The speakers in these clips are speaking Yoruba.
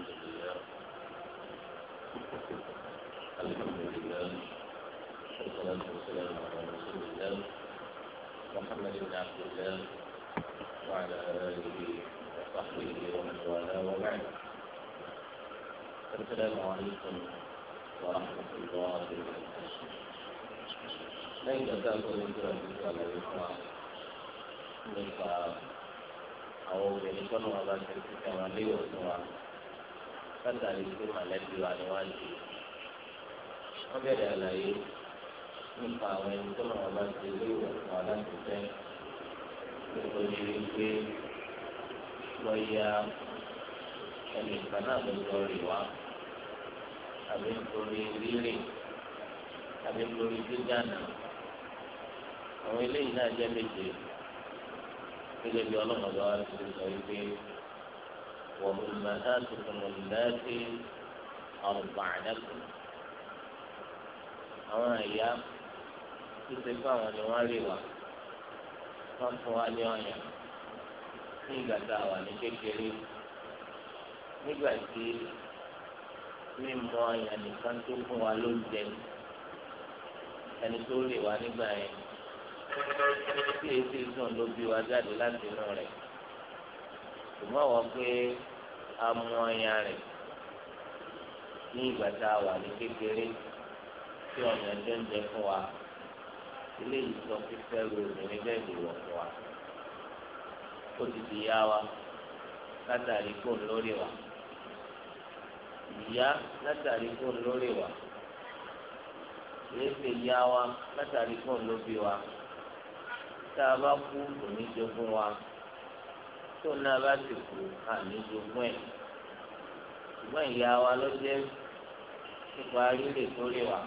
الحمد لله الحمد لله والصلاة والسلام على رسول الله محمد بن عبد الله وعلى آله وصحبه ومن والاه وبعد السلام عليكم ورحمة الله وبركاته ليس تأكل الكرة بإسلام الإسلام nípa او obìnrin tọ́nà wọn bá ṣe kíkà látàrí pé mọ̀lẹ́bí wa ni wọ́n ti wọ́n bẹ̀rẹ̀ àlàyé nípa àwọn ẹni tó lọ́wọ́ bá ti lé ìwọ̀n fún aláṣẹ nípa ní wípé lọ́ọ̀yà ẹnì kan náà ló lọ rì wá àbí nítorí rírìn àbí nítorí dídánà àwọn eléyìí náà jẹ́ méje gẹ́gẹ́ bí ọlọ́mọdé wa ti sọ wípé. وأمهاتكم اللاتي أرضعنكم àwọn ẹ̀yà tó ṣe fún àwọn ni wọ́n rí wa wọ́n fún wa ní ọyàn ní ìgbà tá a wà ní kékeré nígbà tí mímọ ọyàn nìkan tó fún wa ló ń jẹ ẹni tó rí wa nígbà yẹn tí èsì sùn ló bí wa jáde láti inú rẹ̀ ṣùgbọ́n wọ́n pé amọ̀ọ́yà rẹ̀ ní ìgbà tá a wà ní kékeré tí ọ̀nà ẹjọ́ ń jẹ fún wa eléyìí sọ fífẹ́ ru obìnrin bẹ́ẹ̀ lè wọ̀ fún wa ó ti di yá wa látàrí kó lórí wa ìyá látàrí kó lórí wa èéfè yá wa látàrí kó lóbi wa tá a bá kú kò ní jogún wa tó náà bá ti kú àmì jogún ẹ̀ ṣùgbọ́n ìyá wa ló jẹ́ nípa rírè tó lè wà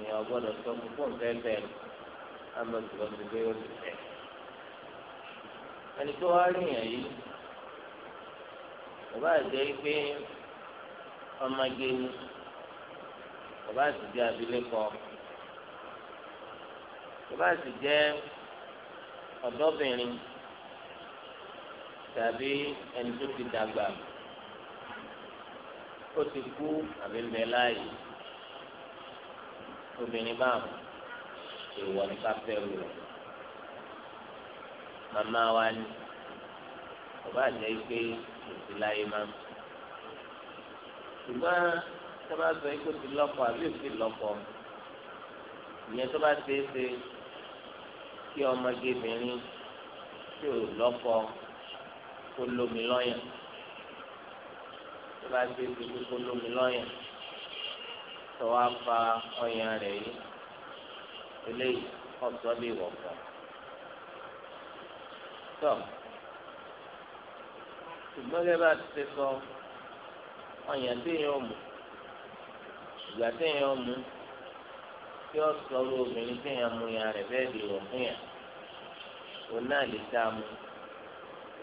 èèyàn gbọ́dọ̀ sọ fún fún fẹ́fẹ́ àmọ́ ìgbà tó gbé ó ti fẹ́. ẹni tó wá rí yàn yìí bàbá àjẹ́ pé ọmọge ni bàbá àti jẹ́ abilékọ bàbá àti jẹ́ ọ̀dọ́bìnrin tàbí ẹni tó ti dàgbà ó ti kú àbí ń bẹ láàyè obìnrin bá èèwọ̀ ní káfẹ́rù rẹ̀ màmá wa ni bàbá àjẹ́ pé kò sí láyé má ṣùgbọ́n tó bá sọ ikú ti lọ́kọ̀ àbí òsì lọ́kọ̀ ìyẹn tó bá ṣeé ṣe kí ọmọge obìnrin tí ò lọ́kọ̀ọ́ kó lómi lọ́yàn tó bá gbé gbèsè kó lómi lọ́yàn tó wá fa ọyàn rẹ̀ yìí eléyìí ọ̀sọ́ lè wọ̀ fún tọ́ ṣùgbọ́n gẹ́gẹ́ bá ti ṣe sọ ọyàn téèyàn ò mú ìgbà téèyàn ò mú kí ọ sọ ọ́ lóbìnrin mú yàn rẹ̀ bẹ́ẹ̀ lè wọ̀ fún òun náà lè dá a mú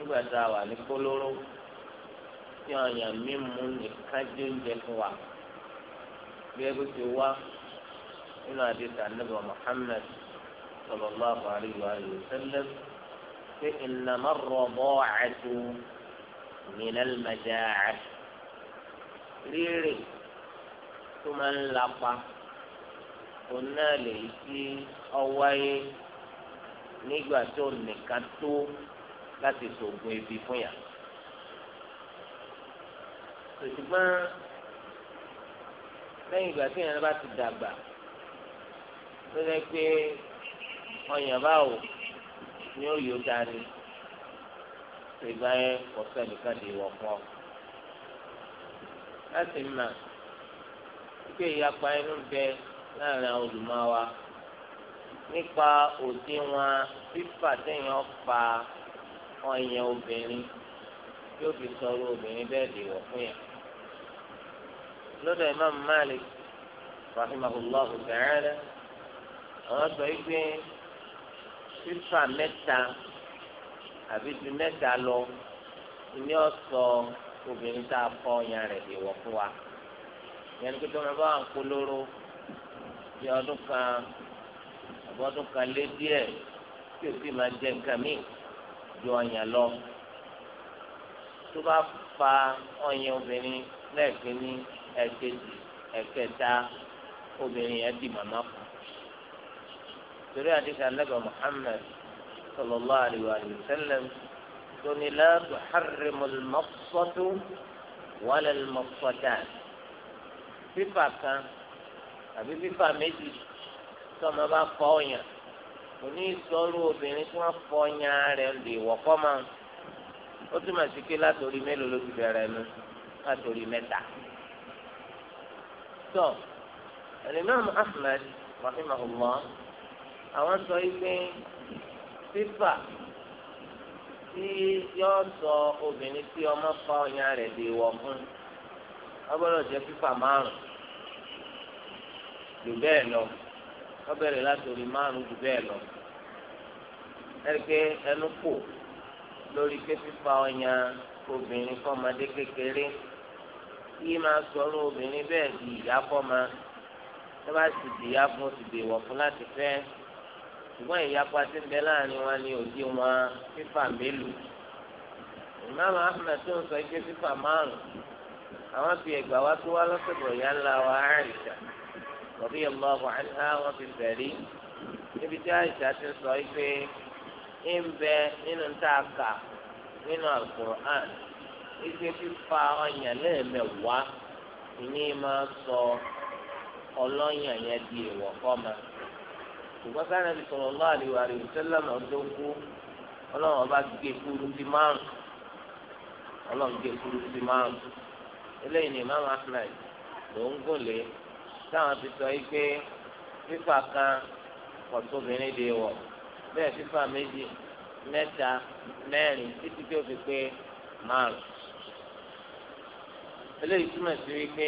nígbà tá a wà ní kólóró tí ọ̀yàn mímu nìkan jẹ́ oúnjẹ fún wa bí ẹgbẹ́ ti wá nínú àdìsá nígbà Muhammad sallallahu alayhi wa sallam pé ìnàmọ́ rọ̀bọ́ àti mìíràn mẹ́jà rírì tó máa ń lapa òun náà lè ti ọwáyé nígbà tó nìkan tó láti ṣoògùn ebi fún yà. ṣùgbọ́n lẹ́yìn ìgbà tí èèyàn bá ti dàgbà ló jẹ́ pé ọyàn báwo ni ó yóò dání ìgbà yẹn kò sẹ́nìkan lè wọ̀ fún ọ. láti mà pé ìyapa inú bẹ láàrin àwọn olùmọ̀ wa nípa òdiwọ̀n fífà téèyàn pa ọyàn obìnrin yóò fi sọ̀rọ̀ obìnrin bẹ́ẹ̀ dè wọ̀ fún yàn. lọ́dọ̀ imam malik rahimahullah ta'ala àwọn sọ yìí pé sífà mẹ́ta àbí ju mẹ́ta lọ ni ó sọ obìnrin tá a fọ ọyàn rẹ̀ dè wọ̀ fún wa. ìyẹn ni pé tó ń bá wọn polówó bí ọdún kan àbọ̀dún kan lé díẹ̀ tí o sì máa jẹ nǹkan mìíràn ju ọyàn lọ tó bá fa ọyàn obìnrin lẹ́ẹ̀kẹ́ ní ẹ̀kejì ẹ̀kẹta obìnrin yẹn di màmá fún torí àdìsí alẹ́gbẹ̀ Muhammad sallallahu alayhi wa sallam tónilá tuharrimul mọ́sọ́tò wàlẹ̀ mọ́sọ́tà fífà kan àbí fífà méjì tọ́mọ bá fọ́ ọyàn kò ní ìsọrú obìnrin tí wọ́n fọyà rẹ̀ lè wọ́pọ̀ mọ́ ó túmọ̀ sí pé látòrí mélòó ló ti bẹ̀rẹ̀ nu látòrí mẹ́ta. tó Imam Ahmad rahimahullah àwọn sọ pé fífà tí yóò sọ obìnrin tí ọmọ fọyà rẹ̀ lè wọ̀ fún ọ jẹ́ fífà márùn-ún jù bẹ́ẹ̀ lọ wọ́n bẹ̀rẹ̀ látòrí márùn jù bẹ́ẹ̀ lọ ẹ̀ríkẹ́ ẹnu kò lórí pé fífa ọyàn obìnrin fọmọdé kékeré yìí máa sọ̀rọ̀ obìnrin bẹ́ẹ̀ di ìyá fọmọ tó bá sì di ìyá fún ti dèwọ̀ fún láti fẹ́ ṣùgbọ́n ìyapa ti ń bẹ láàrin wọn ni òdi wọn fífa mélòó Imam Ahmed tó ń sọ ike fífa márùn àwọn fi ẹ̀gbà wá tó wá lọ́sọ̀bọ̀ ìyá ńlá wa Àìṣà. rọ̀bí ọlọ́ọ̀bù àná wọn fi bẹ̀rí níbi tí àìsà ti sọ pé ń bẹ nínú tá a kà nínú alukur'an ife fífa ọyàn lẹ́ẹ̀mẹ̀wàá ìní máa sọ ọlọ́yàn yẹn di èèwọ̀ fọ́mà ṣùgbọ́n sáré ti sọ̀rọ̀ lọ́wọ́ ọlọ́run ọba kúrú sí márùn ọlọ́run kúrú sí márùn eléyìí ni imam ahmed ló ń gùn lé táwọn ti sọ yìí pé fífà kan kọ̀tòbìnrin lè wọ̀ bẹ́ẹ̀ fífà méjì mẹ́ta mẹ́rin títí tí ó fi pé márùn. eléyìí túmọ̀ sí wípé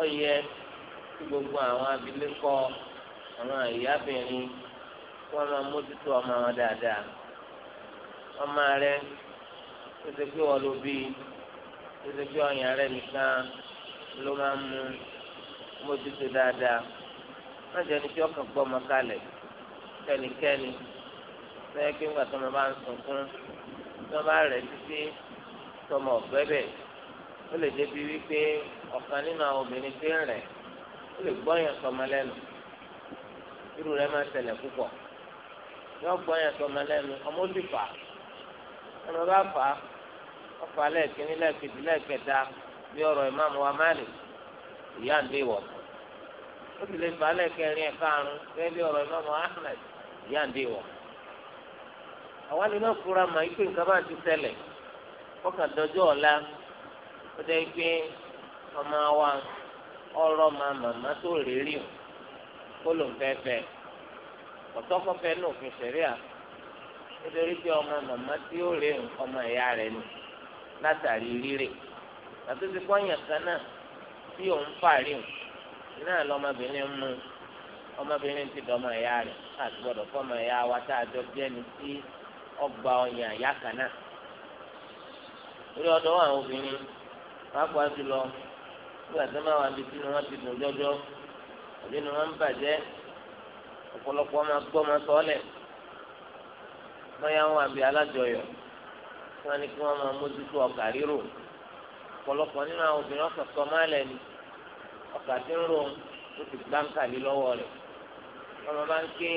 ó yẹ kí gbogbo àwọn abilékọ àwọn ìyábìnrin wọn máa mójútó ọmọ wọn dáadáa ọmọ rẹ ó ti pé wọn ló bí ó ti pé ọyàn rẹ nìkan ló máa ń mú un. mójútó dáadáa má jẹ́ ẹni tí ọkàn gbọ́ ọmọ kalẹ̀ kẹ́nikẹ́ni sẹ́yìn pé ńgbà tó ọmọ bá ń sunkún tó bá rẹ̀ títí tọmọ ọ̀fẹ́ ó lè débi wípé ọ̀kan nínú àwọn obìnrin tí ń rẹ̀ ó lè sọmọ lẹ́nu irú rẹ̀ máa ṣẹlẹ̀ púpọ̀ yọ sọmọ lẹ́nu ọmọ sì fà ọmọ bá fà á ìyá ń lé wọ̀ ó sì lè fà á lẹ́kẹ̀rin ẹ̀ karùn ọ̀rọ̀ ìmọ̀mọ́ ahmed ìyá ń lé àwa fura ti ṣẹlẹ̀ kọ́kàn dọjọ́ ọ̀la ó jẹ́ pé ọmọ wa ọ̀rọ̀ ma màmá tó rèérí o kó ló ń fẹ́ fẹ́ ọ̀tọ́kọ́fẹ́ náà fi ṣẹ̀ríà nítorí pé ọmọ màmá tí ó ọmọ ìyá rẹ̀ nù látàrí kan náà. tí òun fàárí o náà lọmọbìnrin mú ọmọbìnrin ti dọmọ ẹ̀yà rẹ̀ àti ya fọmọ ẹ̀yà wa tá a jọ jẹ́ tí ọgbà ọyàn àyà kan náà orí ọ̀dọ̀ àwọn obìnrin wọn kọ jùlọ nígbà tí wọn bá wà níbi tí wọn ti dùn jọjọ àbí ni wọn ń ọmọ ọmọ ọ̀pọ̀lọpọ̀ nínú àwọn obìnrin ọ̀sán sọ máa lẹ̀ ni ọ̀kà tí ń ro ó ti gbáǹkà lé lọ́wọ́ rẹ̀ ọmọ máa ń ké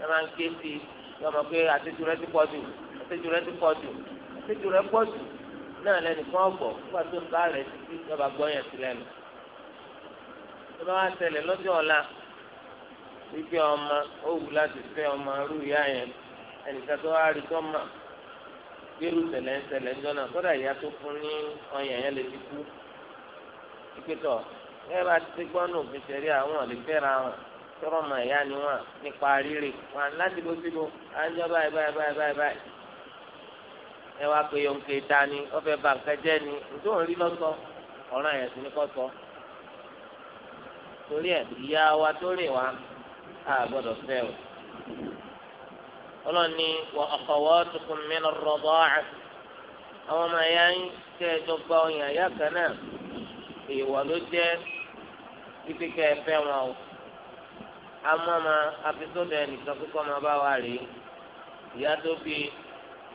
ẹ máa ń ké sí i lọ́mọ pé àtẹ́jú rẹ ti pọ̀ jù àtẹ́jú rẹ ti pọ̀ jù àtẹ́jú rẹ pọ̀ jù náà lẹ́nìkan ọ̀gbọ̀ nígbà tó ń bá rẹ̀ títí lọ́ba gbọ́ yẹn sí lẹ́nu. tó bá wá ṣẹlẹ̀ lọ́jọ́ ọ̀la wípé ọmọ ó wù láti fẹ́ ọmọ arúgbó yá yẹn ẹnìkan gbèrú ṣẹlẹ̀ ṣẹlẹ̀ ńjọ́ náà kódà ìyá tó fún ní ọyàn yẹn lè ti kú ìpètọ̀ ẹ bá ti gbọ́ nù òfin ṣẹlẹ̀ àwọn lè fẹ́ra wọn tọrọ mọ ìyá ni wọn nípa rírì wọn láti bó síbo à ń jọ báyìí báyìí báyìí báyìí báyìí ẹ wá pé yonke ta ni ọfẹ bà nǹkan jẹ́ ni nítorí òun rí lọ́sọ ọ̀ràn yẹn sì ní kọ́ sọ torí ẹ ìyá wa tó rìn wá a gbọ́dọ̀ o ọlọ́ni wà akhawatukum min ar-rida'a àwọn ọmọ ẹ̀yà ń tẹ́ ẹjọ́ gba ọyàn ẹ̀yà kan náà ìwà ló jẹ́ títí kẹ́ ẹ fẹ́ wọn o àmọ́ ma afisọ́dọ̀ ẹnìkan kíkọ́ máa bá wa rèé ìyá tó bí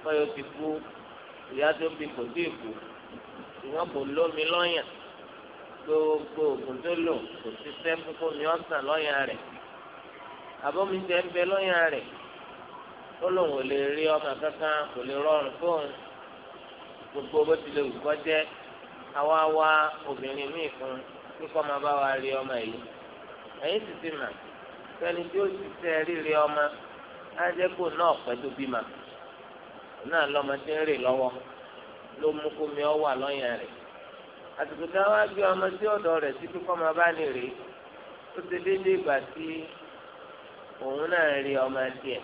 ọyọ ti kú ìyá tó bí kò tí ì kú ìwọ́n kò lómi lọ́yàn gbogbo oògùn tó lò kò sí sẹ́ńpù kó mi ọ̀sán lọ́yàn rẹ̀ àbọ̀mí tẹ́ ń bẹ lọ́yàn rẹ̀ ó lóun ò lè rí ọmọ kankan kò lè rọrùn fóun gbogbo bó tilẹ̀ wù kọ́ jẹ́ àwa wá obìnrin míì fún kíkọ́ máa bá wa rí ọmọ yìí ẹ̀yìn sì ti mà sẹ́ni tí ó ti tẹ́ rírí ọmọ á jẹ́ kó náà pẹ́ tó bímọ náà lọ́mọ tí ń rè lọ́wọ́ ló mú kó mi ọ́ wà lọ́yàn rẹ̀ àtùkù tá a wá gbé ọmọ sí ọ̀dọ̀ rẹ̀ sí kíkọ́ máa bá ní rèé ó ti dédé ìgbà tí òun náà rí ọmọ tiẹ̀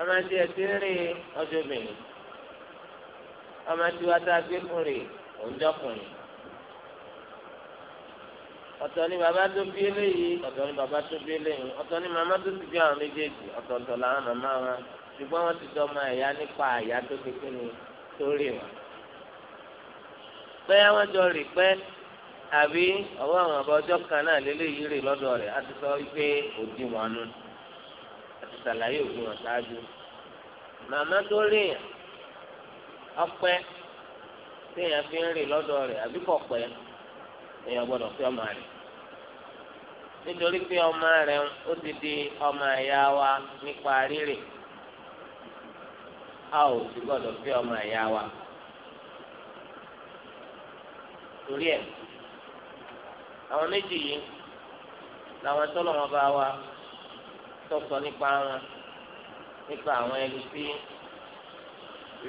ọmọ tí ẹ ti rìn ọjọ́ obìnrin ọmọ tí wàá tá a gbé fún rè òǹjọkùnrin ọ̀tọ̀ ni bàbá tó bí eléyìí ọ̀tọ̀ ni bàbá tó bí eléyìí ọ̀tọ̀ ni màmá tó ti bí àwọn méjèèjì ọ̀tọ̀ọ̀tọ̀ làwọn màmá wọn ṣùgbọ́n wọ́n ti dọ́mọ ẹ̀yà nípa àyà tó kékeré ni tó rè wọn. bẹ́ẹ̀ wọ́n jọ rè pẹ́ àbí ọwọ́ àwọn ọba ọjọ́ kan náà lélẹ́yìí rè lọ́dọ̀ rẹ̀ á ti sọ wípé òdiwọ̀n nù ṣàlàyé òfin wọn ṣáájú màmá tó ríyàn ọpẹ́ téèyàn fi ń rìn lọ́dọ̀ rẹ̀ àbí kò pẹ́ èèyàn gbọ́dọ̀ fi ọmọ rẹ̀ nítorí pé ọmọ rẹ̀ ó ti di ọmọ ẹ̀yà wa nípa rírì a ò sì gbọ́dọ̀ fi ọmọ ẹ̀yà wa torí ẹ̀ àwọn méjì yìí làwọn tọ́lọ̀ wọn bá wa. tọ́sọ nípa wọn nípa àwọn ẹni tí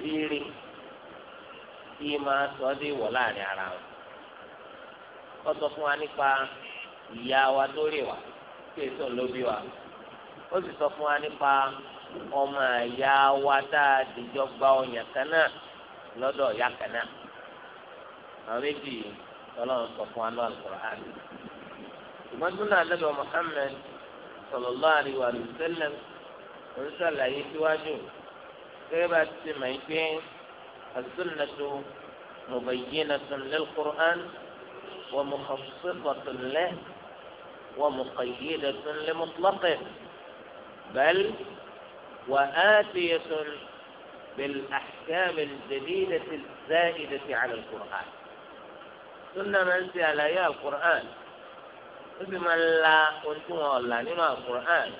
rírí kí máa sọ ọ́ dé ìwọ̀ láàrin ara wọn. ó sọ fún wa nípa ìyá wa tó rè kí èso ló bí wa. ó sì sọ fún wa nípa ọmọ ìyá wa tá a dìjọ gba ọyàn kan náà lọ́dọ̀ ìyá kan náà. àwọn méjì sọ fún wa sallallahu alaihi wa sallam ń ṣàlàyé síwájú gẹ́gẹ́ bá ti mọ̀ pé as-sunnatu mubayyinatun lil-Qur'an wa mukhassisatun lahu wa muqayyidatun li mutlaqihi bal wa atiyatun bil-ahkam al-jadidati az-za'idati 'ala al-Qur'an sunna máa ń ṣe àlàyé al-Qur'an. ó sì máa ń la ohun tí wọn ọ̀la nínú àkùrán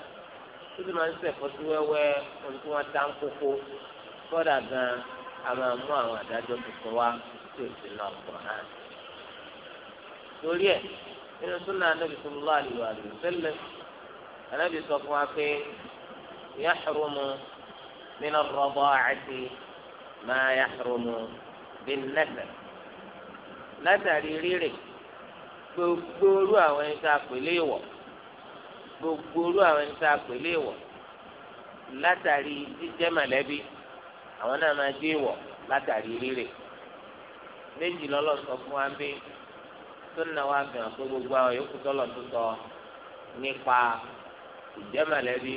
ó sì máa ń ṣẹ̀fọ́ sí wẹ́wẹ́ ohun tí wọ́n ta ń kókó kọ́dà gan a máa mú àwọn àdájọ́ tuntun wá tí ò sí nínú àkùrán. torí ẹ̀ nínú súnà anábì sallallahu alaihi wa sallam anábì sọ fún wa pé yahrumu min ar-rada'ati ma yahrumu bin-nasab látàrí rírè gbogbo orú àwọn ẹni tá a pè léèwọ̀ gbogbo orú àwọn ẹni tá a pè léèwọ̀ látàrí jíjẹ́ mọ̀lẹ́bí àwọn náà máa dé ìwọ̀ látàrí rírè méjì lọ́lọ́ sọ fún wa bí tó nà wá fi hàn pé gbogbo àwọn yòókù tọ́lọ̀ tó sọ nípa ìjẹ́ mọ̀lẹ́bí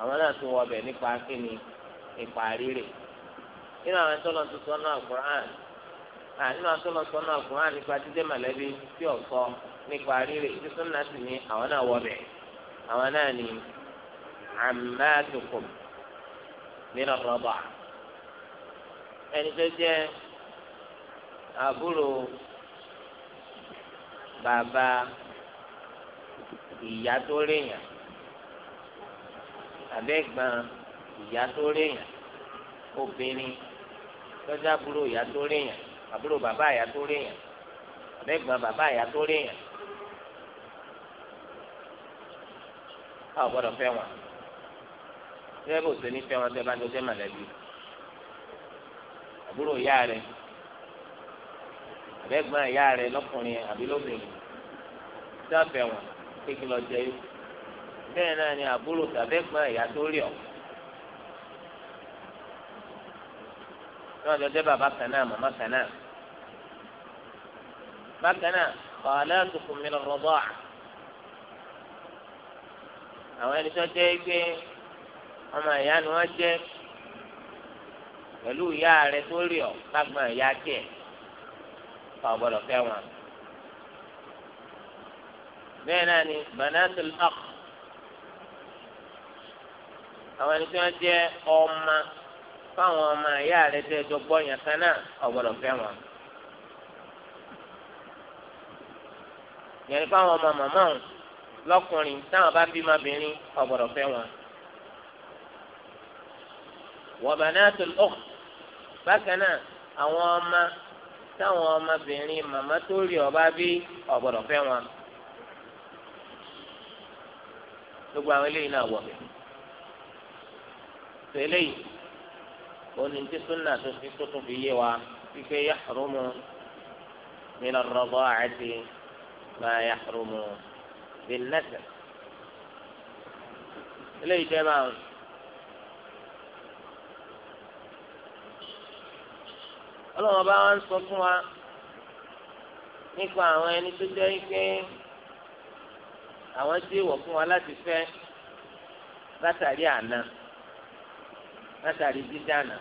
àwọn náà tún wọ ọbẹ̀ nípa kíni nípa rírè nínú àwọn tọ́lọ̀ tó sọ náà Kùránì nínú àtọ́lọ́ sọ náà fún wa nípa jíjẹ́ mọ̀lẹ́bí tí ò sọ nípa rírì tí súnà sì ní àwọn náà wọbẹ̀ àwọn náà ní àmàtùkùm nínú rọ́bà ẹni tó jẹ́ àbúrò bàbá ìyá tó réyàn àbẹ́gbọ́n ìyá tó réyàn obìnrin tọ́jà àbúrò ìyá tó réyàn àbúrò bàbá àyà tó réyàn lẹ́gbọ̀n bàbá àyà tó réyàn a ò gbọ́dọ̀ fẹ́ wọn tẹ́lẹ̀ bó ṣe ní fẹ́ wọn tẹ́lẹ̀ bá jọ jẹ́ mọ̀lẹ́bí àbúrò ìyá rẹ̀ àbẹ́gbọ́n ìyá rẹ̀ lọ́kùnrin àbí lóbìnrin dáfẹ́ wọn kékeré ọjọ́ yìí bẹ́ẹ̀ náà ni àbúrò tàbẹ́gbọ́n ìyá tó rí ọ̀hún. wọn lọ jẹ bàbá kan náà màmá kan náà bákan náà kọ́ọ̀lá tukùn mi lọ́rọ̀ bọ́ à àwọn ẹni tó jẹ́ pé ọmọ ìyá ni wọ́n jẹ́ pẹ̀lú ìyá rẹ tó rí ọ lágbọ́n ìyá tiẹ̀ kọ́ gbọ́dọ̀ fẹ́ wọn. bẹ́ẹ̀ náà ni banatul akh àwọn ẹni tó jẹ́ ọmọ fáwọn ọmọ ẹ̀yà rẹ tẹ́ ẹjọ́ gbọ́ yẹn kan náà ọ̀gbọ́dọ̀ fẹ́ wọn. yẹn fáwọn ọmọ màmá òun lọ́kùnrin táwọn bá bímọ obìnrin ọ̀gbọ́dọ̀ fẹ́ wọn. wa banatul ukht bákan náà àwọn ọmọ táwọn ọmọbìnrin màmá tó rí ọba bí ọ̀gbọ́dọ̀ fẹ́ wọn. gbogbo àwọn eléyìí náà wọ̀ bẹ́ẹ̀ òní tí súnà tó fi tó tún fi yé wa wípé yàrúmù nínú rọgbọ àti máa yàrúmù bìnnẹsẹ. eléyìí jẹ́ báwọn. ọlọ́run ọba wa ń sọ fún wa nípa àwọn ẹni tó jẹ́ pé àwọn tí wọ̀ fún wa láti fẹ́ látàrí àná látàrí dídánà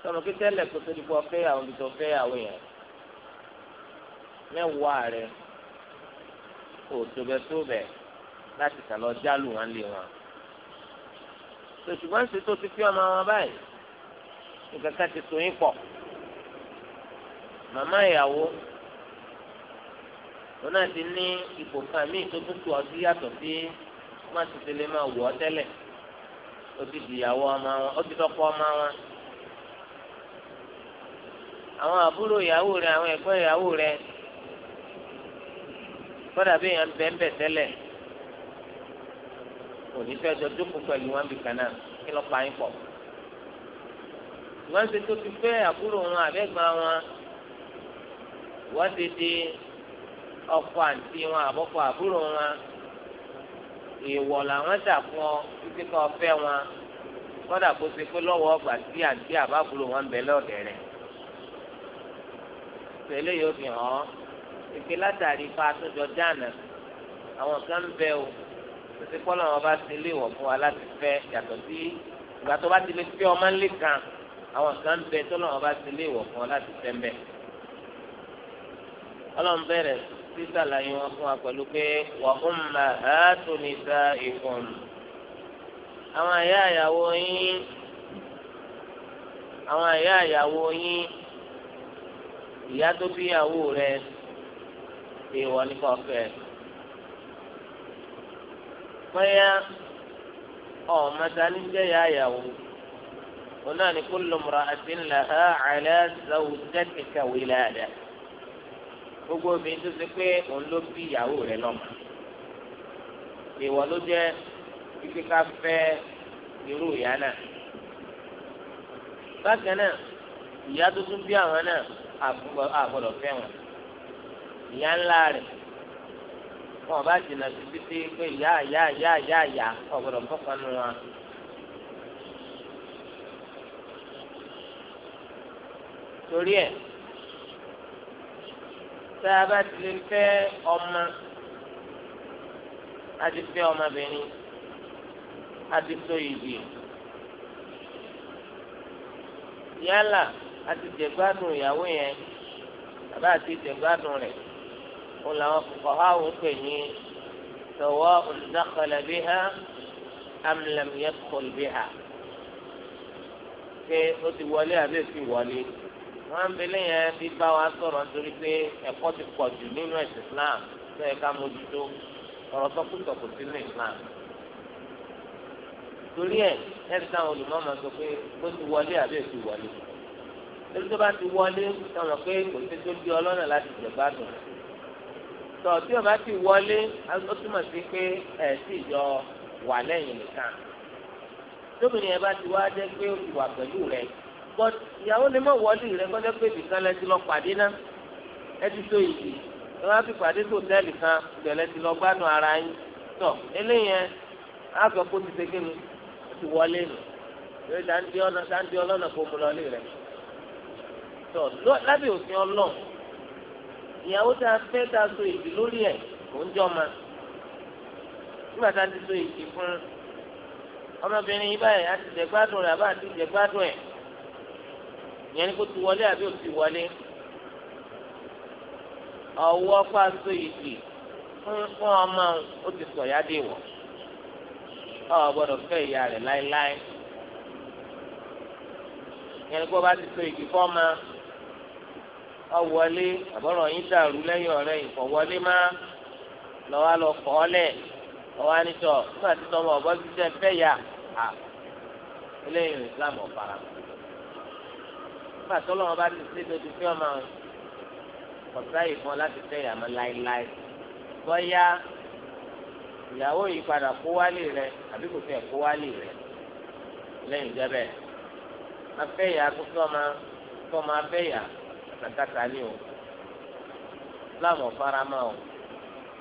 sọ̀rọ̀ kí tẹ́lẹ̀ kó tó di pọ̀ fẹ́ àwọn ibi tó fẹ́ àwọn èèyàn mẹ́wàá rẹ̀ kò tóbẹ̀ tóbẹ̀ láti kà lọ jálù wọn lé wọn. ṣùgbọ́n ṣe tó ti fi ọmọ wọn báyìí nǹkan kan ti sòyìn pọ̀ màmá ìyàwó òun náà ti ní ipò kan míì tó tún tù ọ sí yàtọ̀ sí má ti tẹ̀lé máa wọ̀ ọ́ tẹ́lẹ̀. ó ti dìyàwó ọmọ wọn ó ti ọmọ wọn àwọn àbúrò ìyàwó rẹ àwọn ẹ̀gbọ́n ìyàwó rẹ kọ́dà bí èèyàn bẹ́ẹ̀ bẹ́ẹ̀ tẹ́lẹ̀ kò ní fẹ́ jọ jókòó pẹ̀lú wọn bí kan náà kí pa yín ṣe tó ti fẹ àbúrò wọn àbẹ́gbọ́n wọn ti di èèwọ̀ làwọn dà fún ọ títí kan fẹ́ wọn kọ́dà kó ṣe pé lọ́wọ́ ọgbà tí àǹtí àbábúrò wọn bẹ̀ lọ́ọ̀dẹ̀ rẹ̀ pẹ̀lú yóò fi hàn ọ́ ìpè látàrí ipa àtúnjọ dáná àwọn kan ń bẹ o tó ṣe pọ́ lọ́wọ́ bá ti léèwọ̀ fún wa láti fẹ́ yàtọ̀ sí ìgbà tó bá ti lè fẹ́ ọmọ ńlẹ̀ kan àwọn kan ń bẹ tó lọ́wọ́ bá ti léèwọ̀ fún wa láti fẹ́ mbẹ́ ọlọ́run bẹ̀rẹ̀ sísàlàyé wọn fún wa pẹ̀lú pé wà ummahatu nisaikum àwọn àyà àyàwó yín àwọn àyà àyàwó yín ìyá tó bí ìyàwó rẹ èèwọ̀ ní kọfẹ́ pẹ́yà ọ̀mọ́tàní jẹ́ yà àyàwó onáà ní kullu imra'atin laha ala zawjatika wilada gbogbo obìnrin tó ṣe pé òun ló bí ìyàwó rẹ lọ́mọ ìwọ ló jẹ́ kíkẹ́ ká fẹ́ irú ìyá náà bákan náà ìyá tó tún bí àwọn náà àgbọ́dọ̀ fẹ́ wọn ìyá ńlá rẹ̀ wọn bá jìnnà sí títí pé ìyá ìyá ìyá ìyá ìyá ọ̀gbọ́dọ̀ fọ́kàn nù wọn. torí ẹ̀ tá a bá ti lè fẹ́ ọmọ a ti fẹ́ ọmọbìnrin a ti so ìdì yálà a ti jẹ̀gbádùn ìyàwó yẹn àbá a ti jẹ̀gbádùn rẹ̀ wọn làwọn kọ̀ọ̀kan wà wọ́n pè ní sọ̀wọ́ olùdákọ̀lẹ́bí hàn amúlẹ̀mìyẹ́kọ̀lẹ́bí hàn pé ó ti wọlé àbí èsì wọlé wọn ń belé yẹn bí bá wa sọ̀rọ̀ nítorí pé ẹ̀kọ́ ti pọ̀ jù nínú ẹ̀sìn Islam tó yẹ ká mójútó ọ̀rọ̀ sọkúsọ kò sí ní Islam torí ẹ̀ ẹ̀rí táwọn olùmọ̀ọ́mọ̀ sọ pé ó ti wọlé àbí èsì wọlé torí tó bá ti wọlé sọmọ pé kò sí tó di ọlọ́nà láti jẹ̀gbádùn tọ̀ tí o bá ti wọlé ó túmọ̀ sí pé ẹ̀ sì yọ wà lẹ́yìn nìkan tóbi ni ẹ bá ti wá jẹ́ pé ó ti wà pẹ̀lú rẹ̀ but ìyàwó lè má wọlé rẹ kọjá pé ibìkan lẹ ti lọ pàdé náà ẹ ti so ìdì ẹ wá fi pàdé tó tẹ́lì kan ti lọ ara yín tọ eléyẹn á sọ ti segin ó ti wọlé nu ìwé dáńdé ọ̀nà dáńdé ọlọ́nà tọ lábẹ́ òfin ìyàwó tá a fẹ́ so ìdì lórí ẹ̀ kò ń jọ ma nígbà tá a so ìdì fún ọmọbìnrin yìí báyìí a ti jẹ gbádùn rẹ àbá a ti jẹ gbádùn ẹ̀. ìyẹn ni kó ti wọlé àbí ò ti wọlé ọwọ́ fáṣọ ìdì fún fún ọmọ ó ti sọ̀yá dé wọ̀ ọ gbọ́dọ̀ fẹ́ ìyá rẹ̀ láéláé ìyẹn ni kó bá ti sọ ìdì fún ọmọ ọ wọlé àbọ̀rọ̀ yín dàrú lẹ́yìn ọ̀rẹ́ ìfọ̀wọlé má lọ́wọ́ lọ kọ́ ọ lẹ̀ ọwọ́ anìjọ nígbà tí tọmọ ọ̀bọ ti jẹ́ fẹ́ yà á eléyìí Islam ọ̀farahàn nígbà tọ́lọ́wọ́ bá ti ṣe dojú fún ọmọ ọ̀sá ìfọn láti fẹ́ ìyàmọ́ láéláé bọ́yá ìyàwó yìí padà kó wálé rẹ àbí kò fẹ́ kó wálé rẹ lẹ́yìn jẹ́bẹ̀ afẹ́yà kókó ọmọ kó ọmọ afẹ́yà kàkàtà ni o láwọn ọ̀faramọ́ o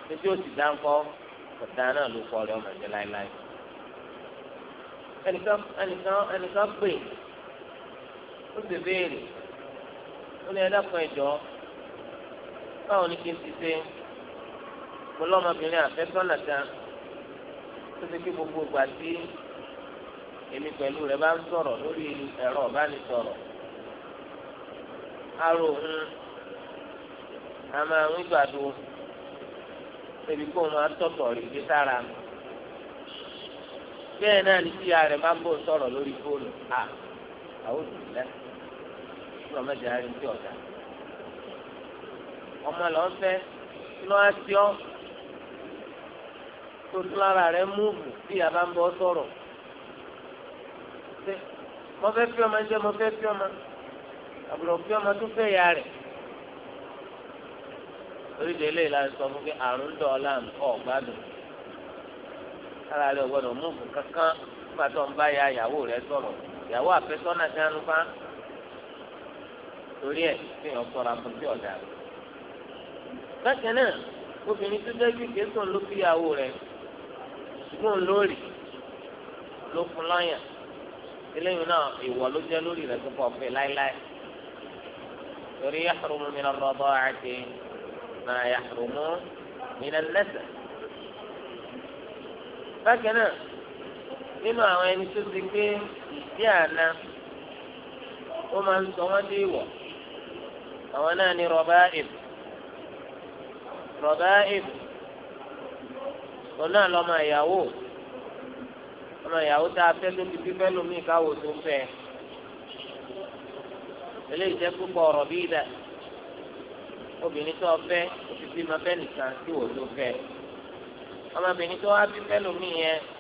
títí ó sì dáńkọ́ ọ̀tá náà ló kọ́ ọ̀rẹ́ ọmọ ìjẹ́ láéláé ẹnìkan ẹnìkan ẹnìkan pè é ó sì béèrè ó ní ẹlẹ́kùn ẹ̀jọ́ báwo ni kí n ti ṣe mo lọ́mọbìnrin àfẹ́sọ́nà kan tó ti kí gbogbo ìgbà tí èmi pẹ̀lú rẹ̀ bá ń sọ̀rọ̀ lórí ẹ̀rọ ìbánisọ̀rọ̀ arò ń a máa ń gbàdo ebi kó máa tọ̀tọ̀ ìgbé sára mi bẹ́ẹ̀ náà ni tíya rẹ̀ bá ń bò sọ̀rọ̀ lórí fóònù à àwọn òṣèlú lẹ́sẹ̀ lọ mẹjọ ayé ti ọjà ọmọ lọ ń fẹ́ kí ló wá sí ọ tó tún ara rẹ múùbù bí ìyá bá ń bọ̀ sọ̀rọ̀ mo fẹ́ fi ọmọ jẹ mo fẹ́ fi ọmọ àbúrò fi ọmọ tó fẹ́ ya rẹ orílẹ̀ èlé ìlànà sọ fún pé àrùn dọ̀ láàmú ọ̀gbádùn ara rẹ ò gbọdọ̀ múùbù kankan nígbà tó ń bá ya ìyàwó rẹ sọ̀rọ̀ ìyàwó àfẹ́sọ́nà dánú bá torí ẹ̀ fi hàn sọ̀rọ̀ àkùnfí ọ̀dà rẹ̀. bákan náà obìnrin tó dẹ́gbẹ́ gẹ̀ẹ́sọ̀ ló fi ìyàwó rẹ̀ ṣùgbọ́n lórí ló fún lọ́yàn eléyìí náà ìwọ ló jẹ́ lórí rẹ̀ tó fọ̀fẹ́ láéláé torí yàtúrùmù mi lọ bọ́ bọ́ àti máa yàtúrùmù mi lọ lẹ́sẹ̀. bákan náà nínú àwọn ẹni tó ti gbé ìdí àná ó máa ń sọ wọ́n dé ìwọ̀ àwọn náà ni rọbáìb rọbáìb òun náà lọ́mọ ìyàwó ọmọ ìyàwó tá a fẹ́ tó ti fi fẹ́ lómi káwọ́ tó fẹ́ eléyìí jẹ́ púpọ̀ ọ̀rọ̀ bí dà obìnrin tó fẹ́ ó ti fẹ́ nìkan tí wò tó fẹ́ ọmọbìnrin tó wá fi fẹ́ lómi yẹn.